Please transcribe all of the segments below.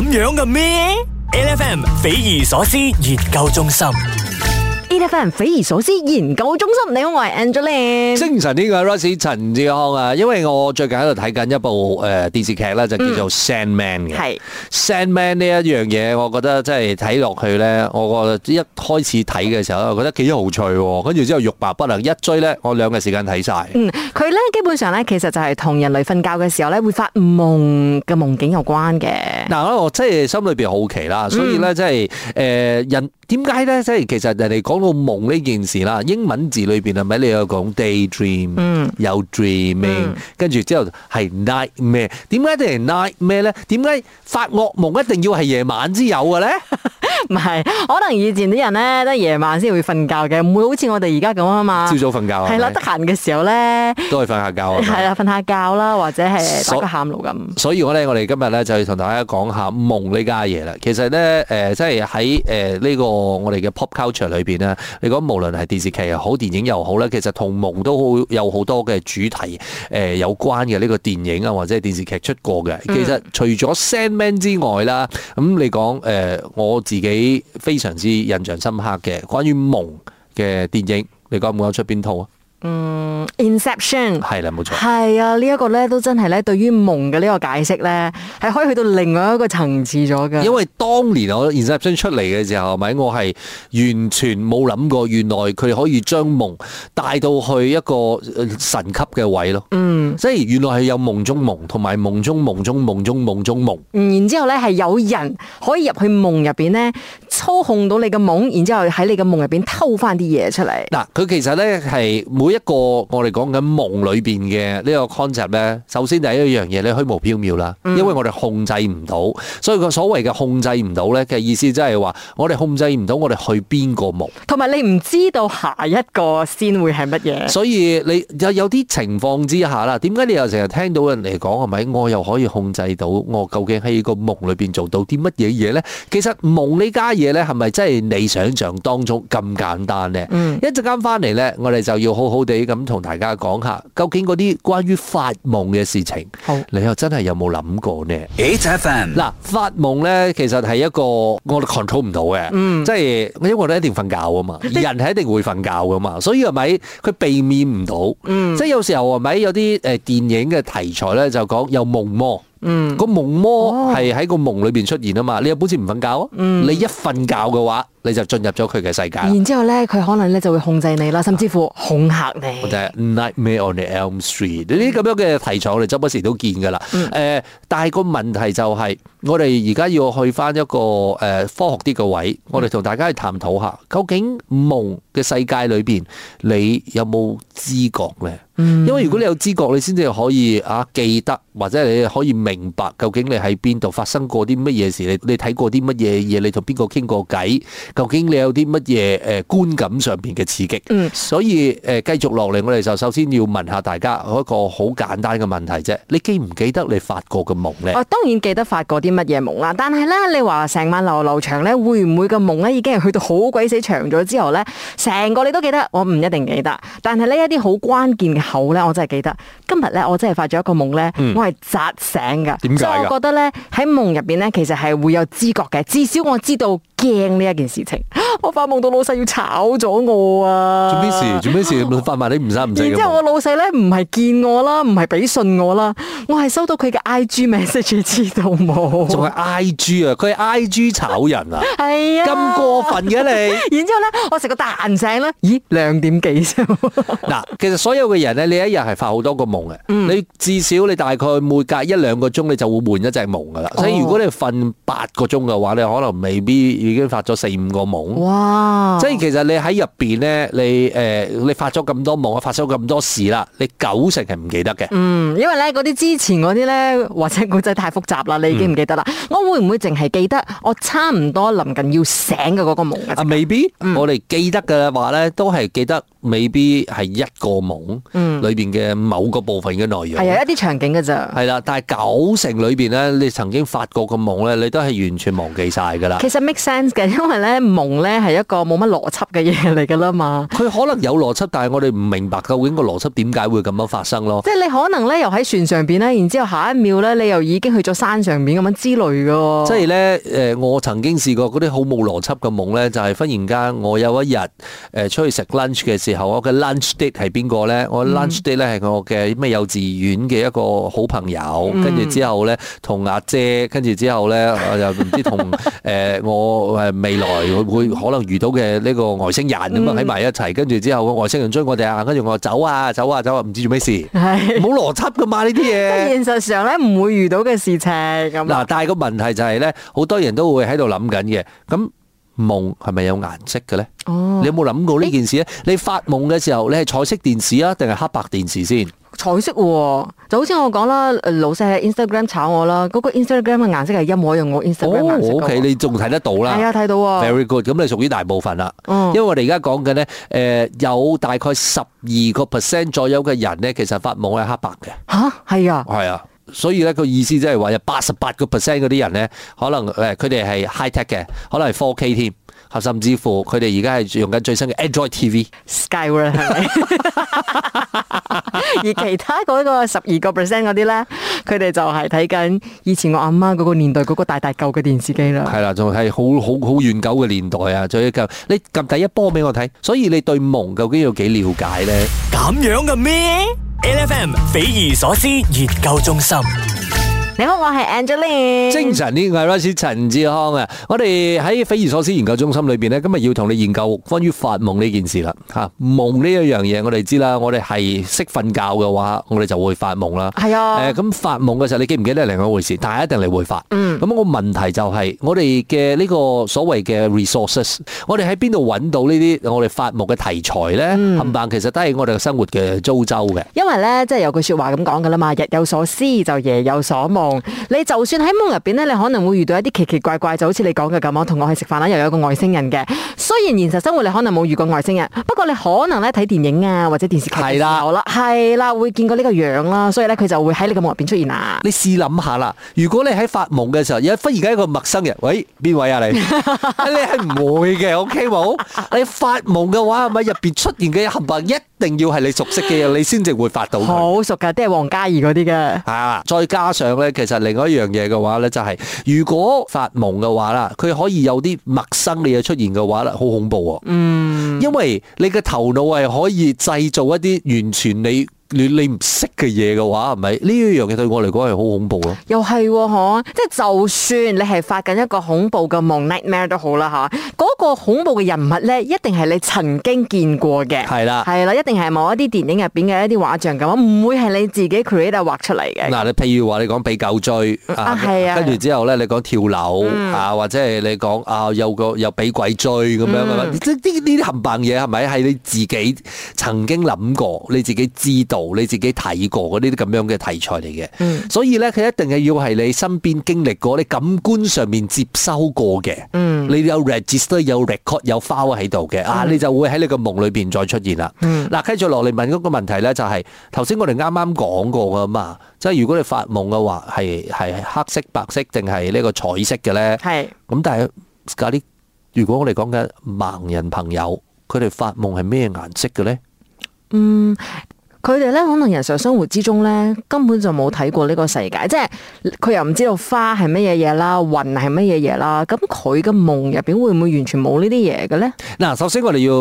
咁樣嘅咩？LFM 匪夷所思研究中心。一班人匪夷所思研究中心，你好，我係 Angela。精神呢個 Russie 陳志康啊，因為我最近喺度睇緊一部誒電視劇咧，就叫做 man《Sandman》嗯嘅。係《Sandman》呢一樣嘢，我覺得真係睇落去咧，我覺得一開始睇嘅時候咧，我覺得幾有趣，跟住之後欲罷不能，一追咧，我兩個時間睇晒。佢咧、嗯、基本上咧，其實就係同人類瞓覺嘅時候咧，會發夢嘅夢境有關嘅。嗱、嗯，我即係心裏邊好奇啦，所以咧，即係誒人。點解咧？即係其實人哋講到夢呢件事啦，英文字裏邊係咪你有講 daydream，有 dreaming，跟住之後係 night 咩？點解一定係 night 咩咧？點解發惡夢一定要係夜晚先有嘅咧？唔係，可能以前啲人咧都係夜晚先會瞓覺嘅，唔會好似我哋而家咁啊嘛。朝早瞓覺係啦，得閒嘅時候咧都係瞓下覺啊。係啊，瞓下覺啦，或者係打個喊露咁。所以咧，我哋今日咧就同大家講下夢呢家嘢啦。其實咧，誒，即係喺誒呢個。我我哋嘅 pop culture 裏邊咧，你講無論係電視劇又好，電影又好咧，其實同夢都好有好多嘅主題誒、呃、有關嘅呢、這個電影啊，或者電視劇出過嘅。其實除咗 Sandman 之外啦，咁、嗯、你講誒、呃，我自己非常之印象深刻嘅關於夢嘅電影，你講唔講出邊套啊？嗯，Inception，《Inception》係啦，冇錯，係啊，這個、呢一個咧都真係咧，對於夢嘅呢個解釋咧，係可以去到另外一個層次咗嘅。因為當年我《Inception》出嚟嘅時候，咪我係完全冇諗過，原來佢可以將夢帶到去一個神級嘅位咯。嗯，即係原來係有夢中夢，同埋夢中夢中夢中夢中夢，嗯。然之後咧係有人可以入去夢入邊咧操控到你嘅夢，然之後喺你嘅夢入邊偷翻啲嘢出嚟。嗱、嗯，佢其實咧係每一個我哋講緊夢裏邊嘅呢個 concept 咧，首先第一一樣嘢咧，虛無縹緲啦，因為我哋控制唔到，所以個所謂嘅控制唔到咧嘅意思，即係話我哋控制唔到我哋去邊個夢，同埋你唔知道下一個先會係乜嘢。所以你有有啲情況之下啦，點解你又成日聽到人嚟講，係咪我又可以控制到我究竟喺個夢裏邊做到啲乜嘢嘢咧？其實夢呢家嘢咧，係咪真係你想象當中咁簡單咧？一陣間翻嚟咧，我哋就要好好。哋咁同大家講下，究竟嗰啲關於發夢嘅事情，oh. 你又真係有冇諗過呢？H F M 嗱，發夢呢，夢其實係一個我哋 control 唔到嘅，嗯，即係因為我哋一定瞓覺噶嘛，人係一定會瞓覺噶嘛，所以係咪佢避免唔到？嗯，即係有時候係咪有啲誒電影嘅題材呢，就講有夢魔。嗯，個夢魔係喺個夢裏邊出現啊嘛，哦、你有本事唔瞓覺啊？嗯、你一瞓覺嘅話，你就進入咗佢嘅世界。然之後咧，佢可能咧就會控制你啦，甚至乎恐嚇你。就係 Nightmare on Elm Street，呢啲咁樣嘅題材我哋周不時都見噶啦。誒、嗯呃，但係個問題就係、是，我哋而家要去返一個誒、呃、科學啲嘅位，我哋同大家去探討下，嗯、究竟夢嘅世界裏邊，你有冇知覺咧？因為如果你有知覺，你先至可以啊記得，或者你可以明白究竟你喺邊度發生過啲乜嘢事，你你睇過啲乜嘢嘢，你同邊個傾過偈，究竟你有啲乜嘢誒觀感上邊嘅刺激？嗯，所以誒呃，繼續落嚟，我哋就首先要問下大家一個好簡單嘅問題啫。你記唔記得你發過嘅夢呢？哦，當然記得發過啲乜嘢夢啦。但係呢，你話成晚流流長咧，會唔會個夢咧已經係去到好鬼死長咗之後呢？成個你都記得，我唔一定記得。但係呢一啲好關鍵嘅。好咧，我真係記得。今日咧，我真係發咗一個夢咧，嗯、我係扎醒㗎，所以我覺得咧喺夢入邊咧，其實係會有知覺嘅，至少我知道。驚呢一件事情，我發夢到老細要炒咗我啊！做咩事？做咩事？發埋你唔使唔止，然之後我老細咧，唔係見我啦，唔係畀信我啦，我係收到佢嘅 IG message，知道冇？仲係 I G 啊？佢係 I G 炒人啊？係 是啊！咁過分嘅你。 然之後咧，我食個蛋醒啦。咦，兩點幾先？嗱， 其實所有嘅人咧，你一日係發好多個夢嘅，嗯、你至少你大概每隔一兩個鐘你就會換一隻夢噶啦。哦、所以如果你瞓八個鐘嘅話，你可能未必。已經發咗四五個夢，哇！即係其實你喺入邊咧，你誒、呃，你發咗咁多夢，發咗咁多事啦，你九成係唔記得嘅。嗯，因為咧嗰啲之前嗰啲咧或者故仔太複雜啦，你已經唔記得啦。嗯、我會唔會淨係記得我差唔多臨近要醒嘅嗰個夢啊？未必，嗯、我哋記得嘅話咧，都係記得，未必係一個夢裏邊嘅某個部分嘅內容，係有一啲場景噶咋，係啦。但係九成裏邊咧，你曾經發過個夢咧，你都係完全忘記晒噶啦。其實 make sense 嘅，因為咧夢咧係一個冇乜邏輯嘅嘢嚟噶啦嘛。佢可能有邏輯，但係我哋唔明白究竟個邏輯點解會咁樣發生咯。即係你可能咧又喺船上邊咧，然之後下一秒咧你又已經去咗山上邊咁樣之類噶。即係咧，誒，我曾經試過嗰啲好冇邏輯嘅夢咧，就係忽然間我有一日誒出去食 lunch 嘅時。然後我嘅 lunch date 係邊個咧？我 lunch date 咧係我嘅咩幼稚園嘅一個好朋友，嗯、跟住之後咧同阿姐，跟住之後咧我又唔知同誒、呃、我誒未來會唔會可能遇到嘅呢個外星人咁樣喺埋一齊，嗯、跟住之後外星人追我哋啊，跟住我走啊走啊走啊，唔、啊啊、知做咩事，係冇邏輯噶嘛呢啲嘢。但現實上咧唔會遇到嘅事情咁。嗱、啊，但係個問題就係、是、咧，好多人都會喺度諗緊嘅咁。夢係咪有顏色嘅咧？哦，你有冇諗過呢件事咧？欸、你發夢嘅時候，你係彩色電視啊，定係黑白電視先？彩色，就好似我講啦，老細係 Instagram 炒我啦，嗰個 Instagram 嘅顏色係一模一樣。我 Instagram 顏色。哦，OK，你仲睇得到啦？係啊、嗯，睇到啊。Very good，咁你屬於大部分啦。嗯、因為我哋而家講嘅咧，誒、呃，有大概十二個 percent 左右嘅人咧，其實發夢係黑白嘅。吓，係啊。係啊。所以咧，個意思即係話有八十八個 percent 嗰啲人咧，可能誒佢哋係 high tech 嘅，可能係 4K 添，甚至乎佢哋而家係用緊最新嘅 Android TV Skyworth 係咪？而其他嗰個十二個 percent 嗰啲咧，佢哋就係睇緊以前我阿媽嗰個年代嗰個大大舊嘅電視機啦。係啦，仲係好好好遠久嘅年代啊！仲要舊，你撳第一波俾我睇。所以你對夢究竟有幾了解咧？咁樣嘅咩？NFM 匪夷所思研究中心。你好，我係 Angeline。精神啲，係 Russie 陳志康啊！我哋喺匪夷所思研究中心裏邊咧，今日要同你研究關於發夢呢件事啦。吓夢呢一樣嘢，我哋知啦，我哋係識瞓覺嘅話，我哋就會發夢啦。係啊。誒，咁發夢嘅時候，你記唔記得係另外一回事，但係一定你會發。嗯。咁個問題就係我哋嘅呢個所謂嘅 resources，我哋喺邊度搵到呢啲我哋發夢嘅題材咧？冚唪唥其實都係我哋生活嘅糟周嘅。因為咧，即係有句說話咁講噶啦嘛，日有所思就夜有所夢。你就算喺夢入邊咧，你可能會遇到一啲奇奇怪怪，就好似你講嘅咁樣，同我去食飯啦，又有個外星人嘅。雖然現實生活你可能冇遇過外星人，不過你可能咧睇電影啊或者電視劇係啦，係啦會見過呢個樣啦，所以咧佢就會喺你嘅夢入邊出現啦。你試諗下啦，如果你喺發夢嘅時候有忽然間一個陌生人，喂，邊位啊你？你係唔會嘅，OK 冇。你發夢嘅話係咪入邊出現嘅人物一定要係你熟悉嘅嘢，你先至會發到。好熟噶，即係王嘉爾嗰啲噶。啊，再加上咧。其實另外一樣嘢嘅話咧、就係，就係如果發夢嘅話啦，佢可以有啲陌生嘅嘢出現嘅話咧，好恐怖喎。嗯，因為你嘅頭腦係可以製造一啲完全你。你你唔識嘅嘢嘅話，係咪呢一樣嘢對我嚟講係好恐怖咯？又係喎，嚇！即係就算你係發緊一個恐怖嘅夢 nightmare 都好啦，嚇！嗰個恐怖嘅人物咧，一定係你曾經見過嘅。係啦，係啦，一定係某一啲電影入邊嘅一啲畫像咁，唔會係你自己 create 畫出嚟嘅。嗱，你譬如話你講俾狗追啊，係啊，跟住之後咧，你講跳樓啊，或者係你講啊有個又俾鬼追咁樣啊，即係呢啲冚唪唥嘢係咪係你自己曾經諗過，你自己知道？你自己睇過嗰啲咁樣嘅題材嚟嘅，嗯、所以呢，佢一定係要係你身邊經歷過，你感官上面接收過嘅，嗯、你有 register、有 record 有、有 file 喺度嘅啊，你就會喺你個夢裏邊再出現啦。嗱、嗯，繼續落嚟問嗰個問題呢、就是，就係頭先我哋啱啱講過噶嘛，即係如果你發夢嘅話，係係黑色、白色定係呢個彩色嘅呢？係咁是，但係嗰啲如果我哋講緊盲人朋友，佢哋發夢係咩顏色嘅呢？嗯。佢哋咧，可能日常生活之中咧，根本就冇睇過呢個世界，即係佢又唔知道花係乜嘢嘢啦，雲係乜嘢嘢啦。咁佢嘅夢入邊會唔會完全冇呢啲嘢嘅咧？嗱，首先我哋要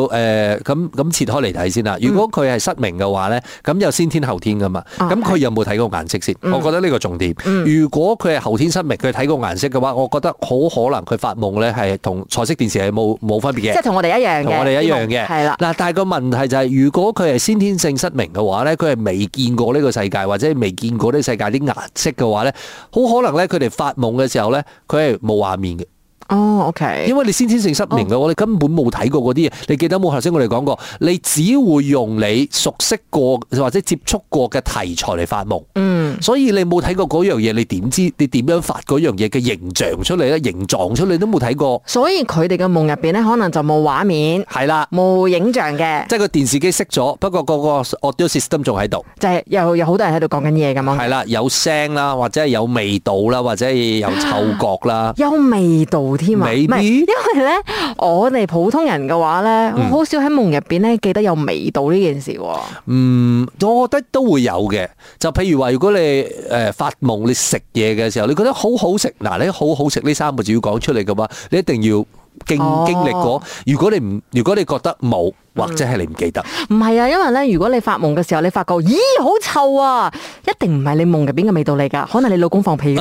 誒咁咁切開嚟睇先啦。如果佢係失明嘅話咧，咁有先天後天噶嘛？咁佢有冇睇過顏色先？我覺得呢個重點。如果佢係後天失明，佢睇過顏色嘅話，我覺得好可能佢發夢咧係同彩色電視係冇冇分別嘅，即係同我哋一樣嘅，我哋一樣嘅係啦。嗱，但係個問題就係如果佢係先天性失明嘅，話咧，佢係未見過呢個世界，或者未見過呢世界啲顏色嘅話咧，好可能咧，佢哋發夢嘅時候咧，佢係冇畫面嘅。哦，OK，因為你先天性失明嘅，我哋根本冇睇過嗰啲嘢。你記得冇？頭先我哋講過，你只會用你熟悉過或者接觸過嘅題材嚟發夢。嗯，所以你冇睇過嗰樣嘢，你點知你點樣發嗰樣嘢嘅形象出嚟咧？形狀出嚟都冇睇過，所以佢哋嘅夢入邊咧，可能就冇畫面，係啦，冇影像嘅，即係個電視機熄咗，不過個個 audio system 仲喺度，就係又有好多人喺度講緊嘢咁咯，係啦，有聲啦，或者係有味道啦，或者有嗅覺啦，有味道。唔係，因為咧，我哋普通人嘅話咧，好少喺夢入邊咧記得有味道呢件事。嗯，我覺得都會有嘅。就譬如話，如果你誒發夢你食嘢嘅時候，你覺得好好食，嗱，你好好食呢三個字要講出嚟嘅話，你一定要經經歷過。如果你唔，如果你覺得冇或者係你唔記得，唔係啊，因為咧，如果你發夢嘅時候，你發覺咦好臭啊，一定唔係你夢入邊嘅味道嚟噶，可能你老公放屁。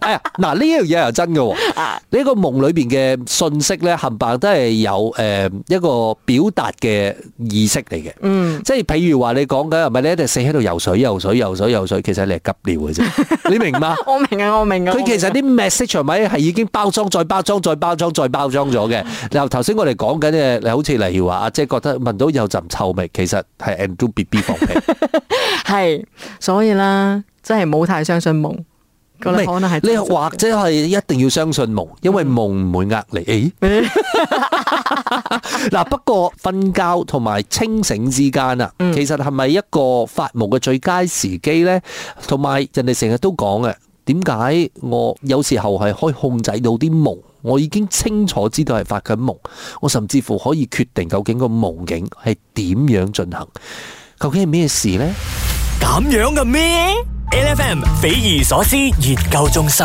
哎呀，嗱呢樣嘢又真嘅，呢個夢裏邊嘅信息咧，冚唪唥都係有誒一個表達嘅意識嚟嘅。嗯，即係譬如話你講緊，係咪你一定死喺度游水游水游水游水，其實你係急尿嘅啫，你明嗎？ 我明？我明啊，我明啊。佢其實啲 message 咪係已經包裝再包裝再包裝再包裝咗嘅。嗱，頭先我哋講緊嘅，你好似例如話即姐覺得聞到有陣臭味，其實係 Andrew B B 放屁，係所以啦，真係冇太相信夢。最後是唔係，可能你或者係一定要相信夢，因為夢唔會呃你。嗱、欸， 不過瞓覺同埋清醒之間啊，其實係咪一個發夢嘅最佳時機咧？同埋人哋成日都講嘅，點解我有時候係可以控制到啲夢？我已經清楚知道係發緊夢，我甚至乎可以決定究竟個夢境係點樣進行，究竟係咩事咧？咁樣嘅咩？LFM，匪夷所思研究中心。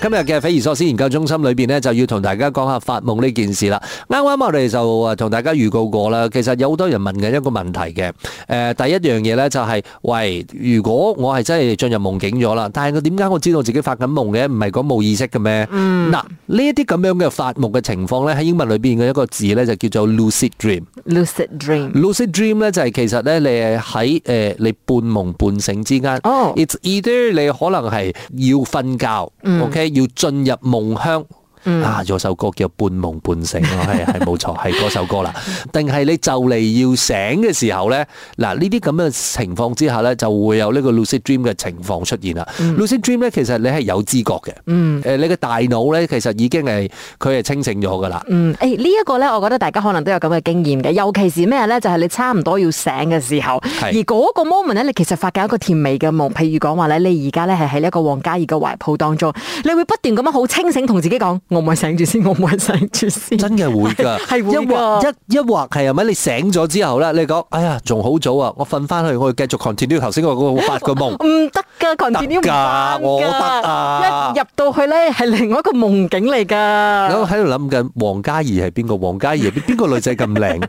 今日嘅匪夷所思研究中心裏邊咧，就要同大家講下發夢呢件事啦。啱啱我哋就啊同大家預告過啦。其實有好多人問緊一個問題嘅，誒，第一樣嘢咧，就係，喂，如果我係真係進入夢境咗啦，但係我點解我知道自己發緊夢嘅？唔係講冇意識嘅咩？嗱，呢一啲咁樣嘅發夢嘅情況咧，喺英文裏邊嘅一個字咧，就叫做 Lucid Dream。Lucid Dream。Lucid Dream 咧，就係其實咧，你喺誒你半夢半醒之間，哦，It’s either 你可能係要瞓覺，嗯，OK。要進入夢鄉。嗯、啊！有首歌叫《半夢半醒》咯，係係冇錯，係嗰首歌啦。定係 你就嚟要醒嘅時候咧？嗱，呢啲咁嘅情況之下咧，就會有呢個 Lucid Dream 嘅情況出現啦。嗯、Lucid Dream 咧，其實你係有知覺嘅。嗯。誒、呃，你嘅大腦咧，其實已經係佢係清醒咗噶啦。嗯。誒、欸，呢、這、一個咧，我覺得大家可能都有咁嘅經驗嘅，尤其是咩咧？就係、是、你差唔多要醒嘅時候，而嗰個 moment 咧，你其實發緊一個甜美嘅夢。譬如講話咧，你而家咧係喺呢一個王嘉爾嘅懷抱當中，你會不斷咁樣好清醒同自己講。我唔係醒住先，我唔係醒住先，真嘅會噶，係會噶，一畫一一畫係咪？唔係你醒咗之後咧，你講，哎呀，仲好早啊，我瞓翻去，我要繼續 continue 頭先嗰個發嘅夢。唔得噶，continue 夢。得噶，我得啊。一入到去咧，係另外一個夢境嚟噶。咁喺度諗緊，王嘉爾係邊個？王嘉爾邊邊個女仔咁靚？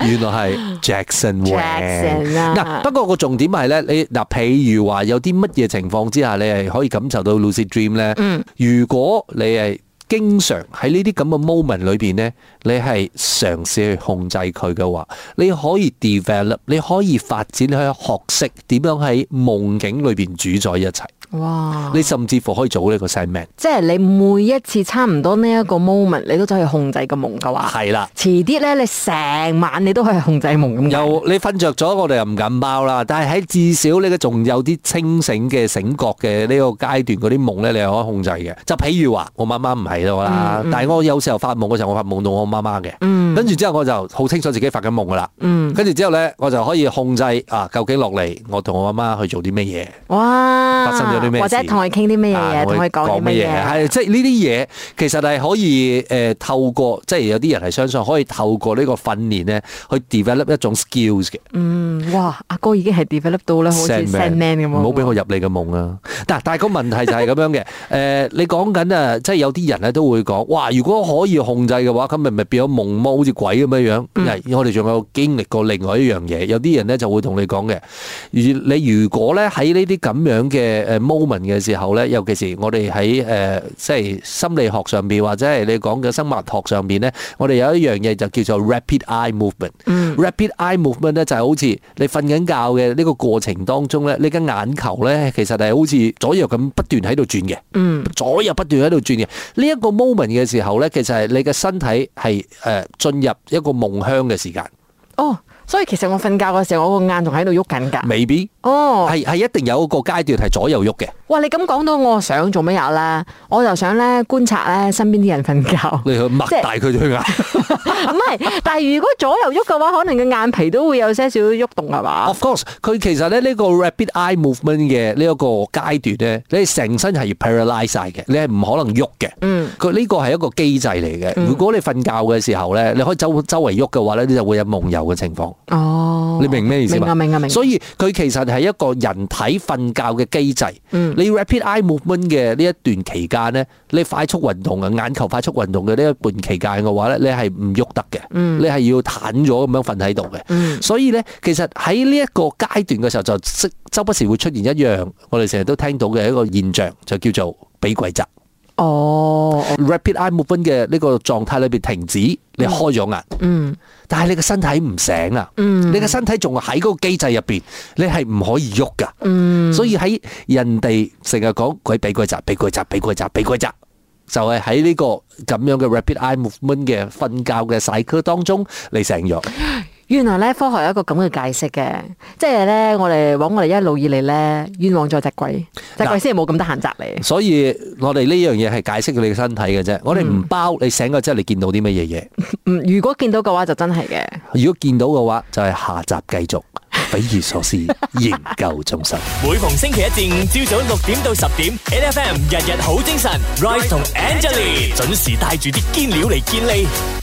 原來係 Jackson。Jackson 啊，嗱，不過個重點係咧，你嗱，譬如話有啲乜嘢情況之下，你係可以感受到 Lucid Dream 咧？嗯，如果你係。經常喺呢啲咁嘅 moment 裏邊咧，你係嘗試去控制佢嘅話，你可以 develop，你可以發展去學識點樣喺夢境裏邊主宰一切。哇！你甚至乎可以做呢個 sim，即係你每一次差唔多呢一個 moment，你都走去控制個夢噶話，係啦了。遲啲咧，你成晚你都可以控制夢咁。又你瞓着咗，我哋又唔敢包啦。但係喺至少你個仲有啲清醒嘅醒覺嘅呢個階段嗰啲夢咧，你又可以控制嘅。就譬如話我媽媽唔喺度啦，嗯嗯、但係我有時候發夢嘅時候，我發夢到我媽媽嘅，跟住、嗯、之後我就好清楚自己發緊夢噶啦，跟住、嗯、之後咧，我就可以控制啊，究竟落嚟，我同我阿媽去做啲咩嘢。哇！發生咗。或者同佢傾啲咩嘢，同佢講啲咩嘢，係即係呢啲嘢其實係可以誒透過，即係有啲人係相信可以透過呢個訓練咧，去 develop 一種 skills 嘅。嗯，哇，阿哥已經係 develop 到咧，好似 Sandman 咁啊！唔好俾我入你嘅夢啊！但係但係個問題就係咁樣嘅，誒，你講緊啊，即係有啲人咧都會講，哇，如果可以控制嘅話，咁咪咪變咗夢魔，好似鬼咁樣樣。係，我哋仲有經歷過另外一樣嘢，有啲人咧就會同你講嘅，如你如果咧喺呢啲咁樣嘅誒。Moment 的時候呢,尤其是我們在,呃,即是心理學上面,或者你講的生物學上面呢,我們有一樣東西就叫做 mm. Rapid Eye Movement. Rapid Eye Movement 就是好像你睡緊覺的這個過程當中呢,你的眼球呢,其實是好像左右這麼不斷在這裏轉的,左右不斷在這裏轉的,這個 mm. moment 的時候呢,其實你的身體是呃,進入一個夢鄉的時間。哦,所以其實我睡覺的時候,我個眼仲在這裏喐緊㗎。Maybe. 哦，係係一定有一個階段係左右喐嘅。哇，你咁講到，我想做乜嘢啦？我就想咧觀察咧身邊啲人瞓覺。你去擘大佢對眼。唔係，但係如果左右喐嘅話，可能個眼皮都會有些少喐動係嘛？Of course，佢其實咧呢、呢個 rapid eye movement 嘅呢、嗯、個一個階段咧，你成身係 paralyse 晒嘅，你係唔可能喐嘅。嗯，佢呢個係一個機制嚟嘅。如果你瞓覺嘅時候咧，你可以周周圍喐嘅話咧，你就會有夢遊嘅情況。哦，你明咩意思啊？明啊，明啊，明。所以佢其實。係一個人體瞓覺嘅機制，你 rapid eye movement 嘅呢一段期間咧，你快速運動嘅眼球快速運動嘅呢一半期間嘅話咧，你係唔喐得嘅，你係要攤咗咁樣瞓喺度嘅。嗯、所以咧，其實喺呢一個階段嘅時候，就周不時會出現一樣我哋成日都聽到嘅一個現象，就叫做俾鬼責。哦，rapid Dreams van socks oczywiście eye movement 嘅呢個狀態裏邊停止，你開咗眼，嗯，但係你嘅身體唔醒啊，嗯，你嘅身體仲喺嗰個機制入邊，你係唔可以喐噶，嗯，所以喺人哋成日講鬼俾鬼扎，俾鬼扎，俾鬼扎，俾鬼扎，就係喺呢個咁樣嘅 rapid eye movement 嘅瞓覺嘅 cycle 當中，你醒咗。原來咧，科學有一個咁嘅解釋嘅，即係咧，我哋往我哋一路以嚟咧，冤枉咗隻鬼，隻鬼先係冇咁得閒擸你。所以我哋呢樣嘢係解釋你嘅身體嘅啫，我哋唔包你醒咗之後你見到啲乜嘢嘢。嗯，如果見到嘅話就真係嘅。如果見到嘅話就係下集繼續，匪夷所思，研究中心。每逢星期一至五朝早六點到十點，N F M 日日好精神，Ryde 同 Angelie 準時帶住啲堅料嚟堅利。